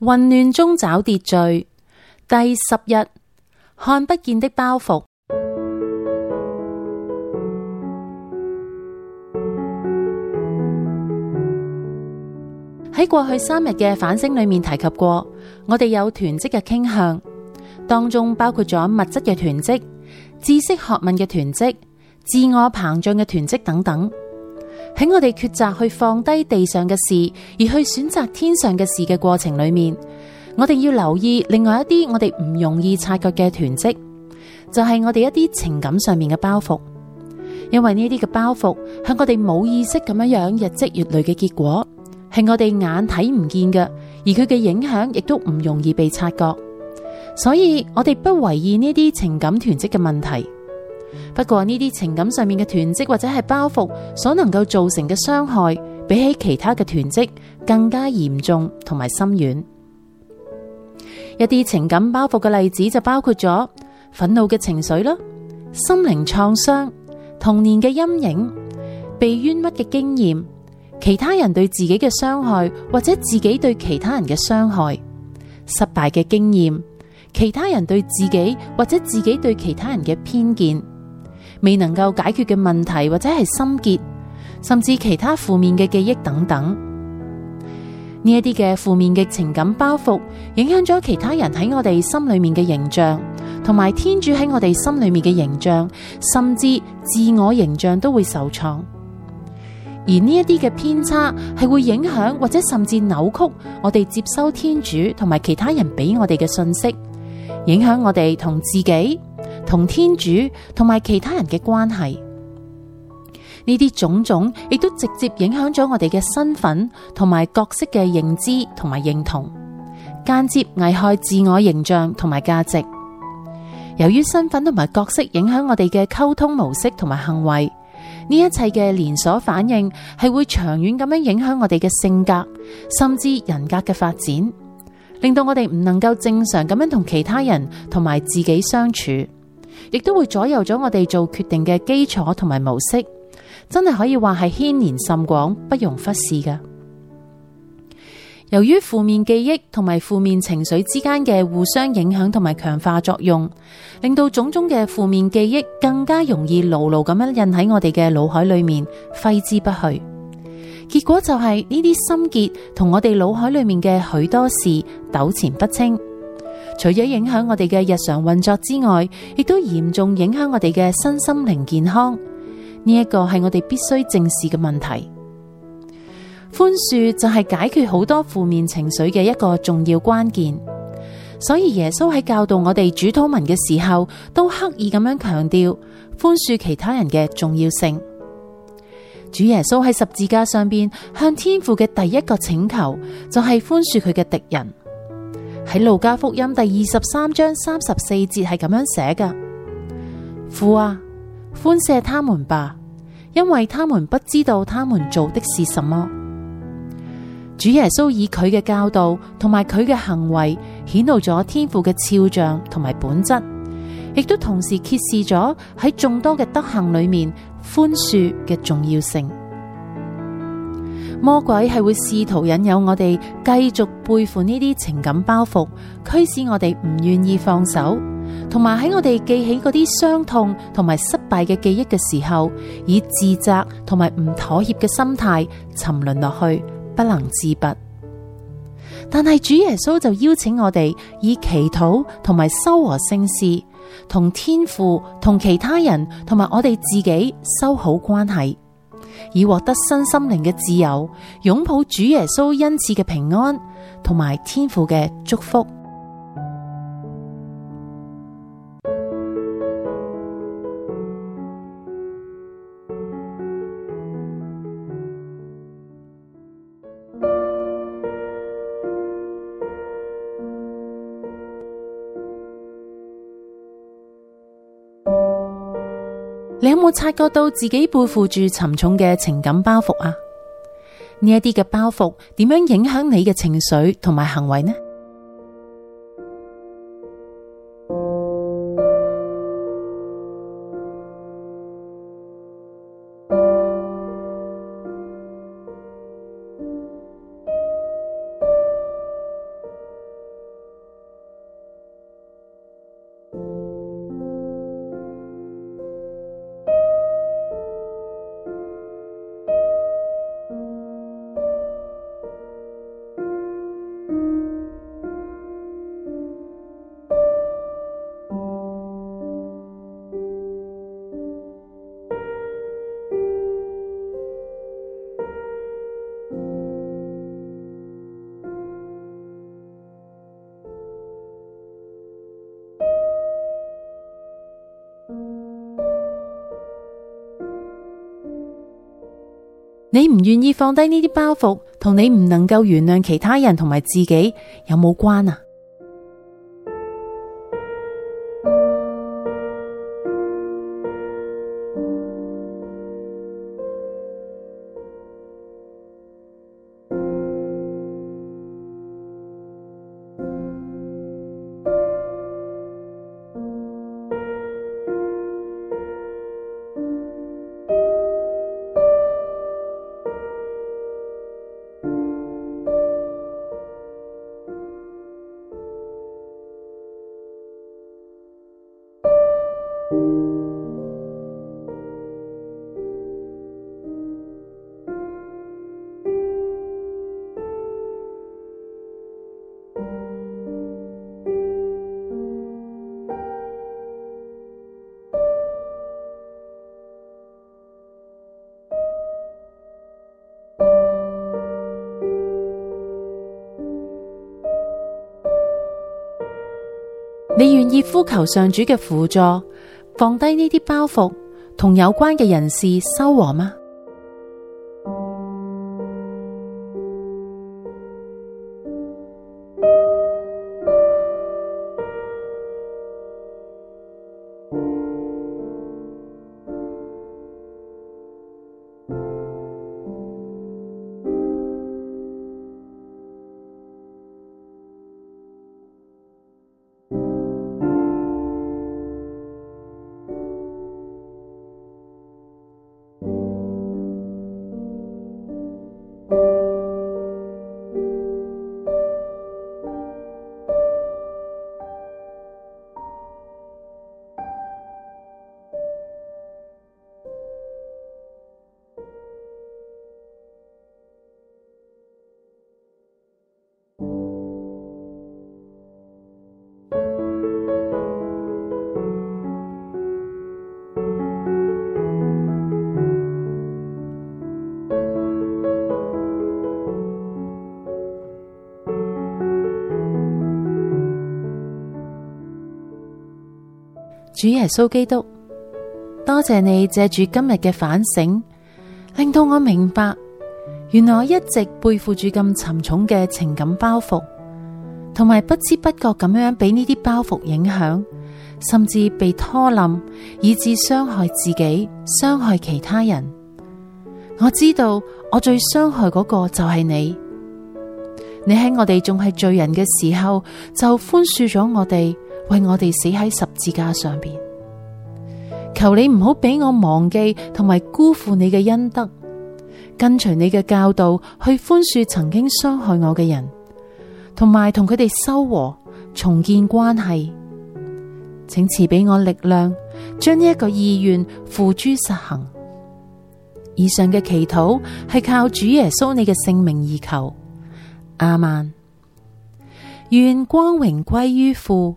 混亂中找秩序，第十日，看不見的包袱。喺 過去三日嘅反省裏面提及過，我哋有囤積嘅傾向，當中包括咗物質嘅囤積、知識學問嘅囤積、自我膨脹嘅囤積等等。喺我哋抉擇去放低地上嘅事，而去選擇天上嘅事嘅過程裏面，我哋要留意另外一啲我哋唔容易察覺嘅囤積，就係、是、我哋一啲情感上面嘅包袱。因為呢啲嘅包袱，係我哋冇意識咁樣日積月累嘅結果，係我哋眼睇唔見嘅，而佢嘅影響亦都唔容易被察覺。所以我哋不為意呢啲情感囤積嘅問題。不過呢啲情感上面嘅囤積或者係包袱，所能夠造成嘅傷害，比起其他嘅囤積更加嚴重同埋深遠。一啲情感包袱嘅例子就包括咗憤怒嘅情緒啦、心靈創傷、童年嘅陰影、被冤屈嘅經驗、其他人對自己嘅傷害或者自己對其他人嘅傷害、失敗嘅經驗、其他人對自己或者自己對其他人嘅偏見。未能夠解決嘅問題或者係心結，甚至其他負面嘅記憶等等，呢一啲嘅負面嘅情感包袱，影響咗其他人喺我哋心裏面嘅形象，同埋天主喺我哋心裏面嘅形象，甚至自我形象都會受創。而呢一啲嘅偏差係會影響或者甚至扭曲我哋接收天主同埋其他人俾我哋嘅信息，影響我哋同自己，同天主同埋其他人嘅關係，呢啲種種亦都直接影響咗我哋嘅身份同埋角色嘅認知同埋認同，間接危害自我形象同埋價值。由於身份同埋角色影響我哋嘅溝通模式同埋行為，呢一切嘅連鎖反應，係會長遠咁樣影響我哋嘅性格，甚至人格嘅發展，令到我哋唔能夠正常咁樣同其他人同埋自己相處。亦都會左右咗我哋做決定嘅基礎同埋模式，真係可以話係牽連甚廣，不容忽視㗎。由於負面記憶同埋負面情緒之間嘅互相影響同埋強化作用，令到種種嘅負面記憶更加容易牢牢咁樣印喺我哋嘅腦海裏面，揮之不去。結果就係呢啲心結同我哋腦海裏面嘅許多事糾纏不清。除咗影響我哋嘅日常運作之外，亦都嚴重影響我哋嘅身心靈健康。呢、這、一個係我哋必須正視嘅問題。寬恕就係解決好多負面情緒嘅一個重要關鍵。所以耶穌喺教導我哋主禱文嘅時候，都刻意咁樣強調寬恕其他人嘅重要性。主耶穌喺十字架上邊向天父嘅第一個請求，就係、是、寬恕佢嘅敵人。喺路加福音第二十三章三十四節係咁樣寫嘅，父啊，寬赦他們吧，因為他們不知道他們做的是什麼。主耶穌以佢嘅教導同埋佢嘅行為，顯露咗天父嘅肖像同埋本質，亦都同時揭示咗喺眾多嘅德行裏面寬恕嘅重要性。魔鬼係會試圖引誘我哋繼續背負呢啲情感包袱，驅使我哋唔願意放手，同埋喺我哋記起嗰啲傷痛同埋失敗嘅記憶嘅時候，以自責同埋唔妥協嘅心態沉淪落去，不能自拔。但係主耶穌就邀請我哋以祈禱同埋修和聖事，同天父、同其他人同埋我哋自己修好關係，以獲得身心靈嘅自由，擁抱主耶穌恩賜嘅平安同埋天父嘅祝福。你有冇察覺到自己背負住沉重嘅情感包袱啊？呢一啲嘅包袱點樣影響你嘅情緒同埋行為呢？你唔願意放低呢啲包袱，同你唔能夠原諒其他人同埋自己有冇關啊？你願意呼求上主嘅扶助，放低呢啲包袱，同有關嘅人士修和嗎？主耶穌基督，多謝你借住今日嘅反省，令到我明白，原來我一直背負住咁沉重嘅情感包袱，同埋不知不覺咁樣俾呢啲包袱影響，甚至被拖冧，以至傷害自己，傷害其他人。我知道我最傷害嗰個就係你，你喺我哋仲係罪人嘅時候就寬恕咗我哋。為我哋死喺十字架上邊，求你唔好俾我忘記同埋辜負你嘅恩德，跟隨你嘅教導去寬恕曾經傷害我嘅人，同埋同佢哋修和，重建關係。請賜俾我力量，將呢一個意願付諸實行。以上嘅祈禱係靠主耶穌你嘅聖名而求。亞孟。願光榮歸於父。